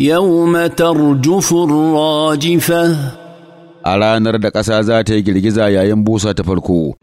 يوم ترجف الراجفة a ranar da ƙasa za ta yi girgiza yayin busa ta farko